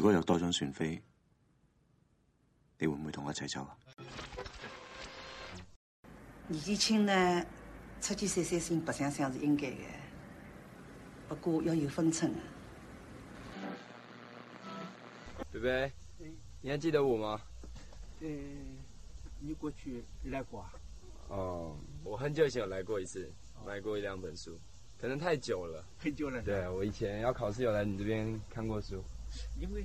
如果有多張船票，你會不會同我一齊走啊？二師兄咧，出去散散心、白想想是應該的，不過要有分寸。貝、嗯、貝，你還記得我嗎？嗯、欸，你過去你來過啊？哦，我很久以前有來過一次，買、哦、過一兩本書，可能太久了，很久了。對，我以前要考試有來你這邊看過書，因為。